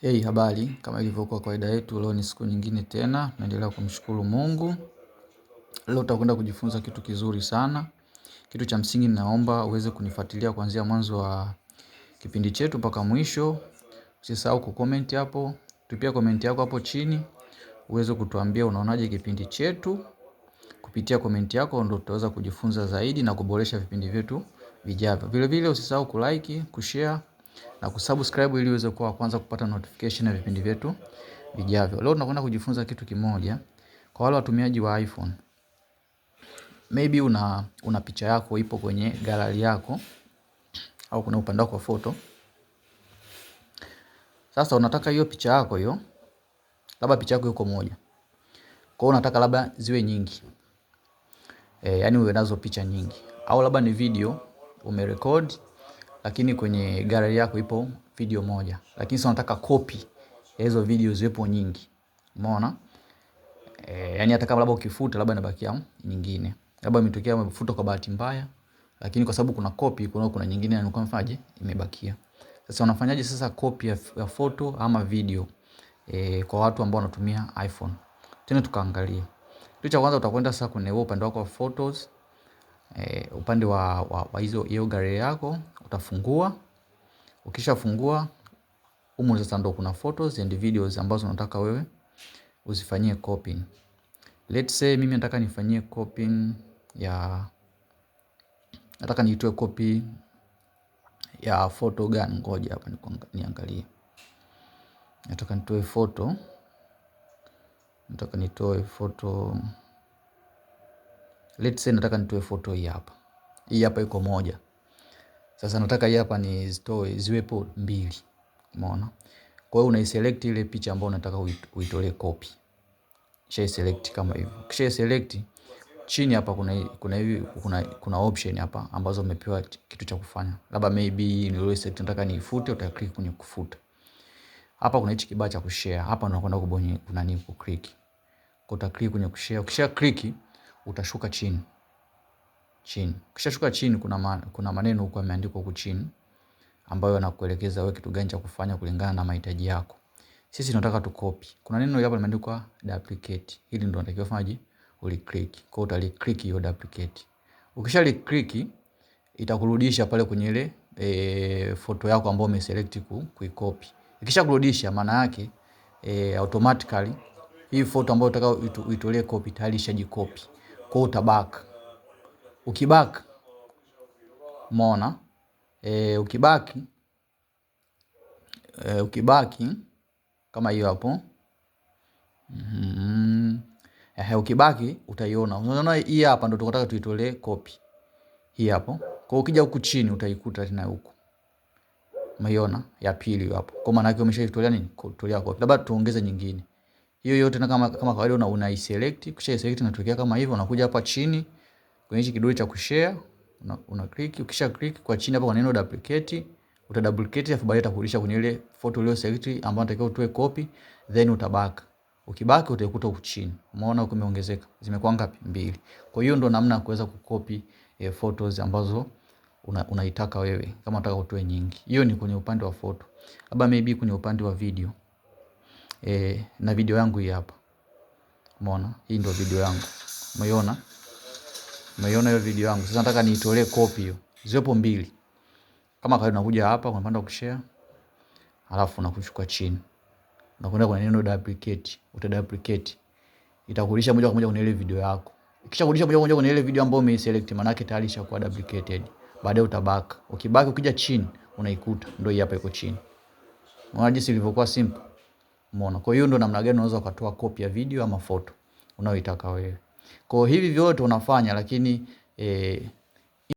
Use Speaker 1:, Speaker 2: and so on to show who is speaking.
Speaker 1: Hei, habari. Kama ilivyokuwa kawaida yetu, leo ni siku nyingine tena, tunaendelea kumshukuru Mungu. Leo tutakwenda kujifunza kitu kizuri sana. Kitu cha msingi, naomba uweze kunifuatilia kuanzia mwanzo wa kipindi chetu mpaka mwisho. Usisahau kucomment hapo, tupia comment yako hapo chini, uweze kutuambia unaonaje kipindi chetu. Kupitia comment yako ndio tutaweza kujifunza zaidi na kuboresha vipindi vyetu vijavyo. Vile vile usisahau kulike, kushare na kusubscribe ili uweze kuwa kwanza kupata notification ya vipindi vyetu vijavyo. Leo tunakwenda kujifunza kitu kimoja kwa wale watumiaji wa iPhone. Maybe una, una picha yako ipo kwenye gallery yako au kuna upande wako wa photo. Sasa unataka hiyo picha yako hiyo, labda picha yako iko moja, kwa hiyo unataka labda ziwe nyingi e, yani uwe nazo picha nyingi, au labda ni video umerekodi lakini kwenye gallery yako ipo video moja, lakini sasa nataka copy ya hizo video ziwepo nyingi, umeona? E, yani hata kama labda ukifuta labda inabakia nyingine, labda imetokea umefuta kwa bahati mbaya, lakini kwa sababu kuna copy, kuna kuna nyingine yani mfaje imebakia. Sasa unafanyaje sasa copy ya, ya photo ama video e, kwa watu ambao wanatumia iPhone? Tena tukaangalia kitu cha kwanza, utakwenda sasa kwenye upande wako wa photos e, upande wa, wa, wa hizo hiyo gari yako utafungua. Ukishafungua humu sasa ndo kuna photos and videos ambazo unataka wewe uzifanyie copying. Let's say mimi nataka nifanyie copying ya nataka niitoe copy ya photo gani? Ngoja hapa niangalie. Nataka nitoe photo, nataka nitoe photo Let's say nataka nitoe photo hii hapa. Hii hapa iko moja. Sasa nataka hii hapa ni zitoe ziwepo mbili. Umeona? Kwa hiyo unaiselect ile picha ambayo unataka uitolee copy. Kisha select kama hivyo. Kisha select chini hapa kuna kuna hivi kuna kuna option hapa ambazo umepewa kitu cha kufanya. Labda maybe ni nilio select nataka niifute, uta click kwenye kufuta. Hapa kuna hichi kibao cha kushare. Hapa unakwenda kubonyeza kuna nini ku click. Uta click kwenye kushare. Ukisha click utashuka chini chini. Ukishashuka chini, kuna man, kuna maneno huko yameandikwa huko chini ambayo yanakuelekeza wewe kitu gani cha kufanya kulingana na mahitaji yako. Sisi tunataka tukopi. Kuna neno hapa limeandikwa duplicate. Hili ndio unatakiwa fanyaje? Uliclick. Kwa hiyo utaliclick hiyo duplicate. Ukishaliclick itakurudisha pale kwenye ile e, eh, foto yako ambayo umeselect ku, kuicopy. Ikishakurudisha maana yake e, automatically hii foto ambayo unataka itolee copy tayari ishajicopy kwa utabaka. Ukibaka umeona e, ukibaki e, ukibaki kama hiyo hapo mm -hmm. Ehe, ukibaki utaiona. Unaona hii hapa ndo tunataka tuitolee copy hii hapo. Kwa ukija huku chini utaikuta tena huku, umeiona ya pili hapo. Kwa maana yake umeshaitolea nini, kutolea copy. Labda tuongeze nyingine hiyo yote na kama kama kawaida una una select kisha select inatokea kama hivyo, unakuja hapa chini kwenye hichi kidole cha kushare una, una click. Ukisha click kwa chini hapa kwa neno duplicate uta duplicate, afu baadaye itakurudisha kwenye ile photo ile select ambayo unatakiwa utoe copy, then utabaka. Ukibaki utaikuta huko chini, umeona huko imeongezeka, zimekuwa ngapi? Mbili. Kwa hiyo ndo namna ya kuweza kukopi e, photos ambazo unaitaka una wewe, kama unataka utoe nyingi. Hiyo ni kwenye upande wa photo, labda maybe kwenye upande wa video e, na video yangu hii hapa. Umeona? Hii ndio video yangu. umeona, umeona hiyo video yangu. Sasa nataka niitolee copy hiyo. ziopo mbili. Kama kawaida unakuja hapa kwa unapanda kushare. Alafu unakushuka chini. Unakwenda kwenye neno duplicate. Uta duplicate. Itakurudisha moja kwa moja kwenye ile video yako. Ikishakurudisha moja kwa moja kwenye ile video ambayo umeselect, maana yake tayari ishakuwa duplicated. Baadaye utabaka, Ukibaki ukija chini unaikuta, ndio hii hapa iko chini. Unaona jinsi ilivyokuwa simple. Umeona? Kwa hiyo ndo namna gani unaweza ukatoa copy ya video ama photo unayoitaka wewe. Kwa hivi vyote unafanya lakini e,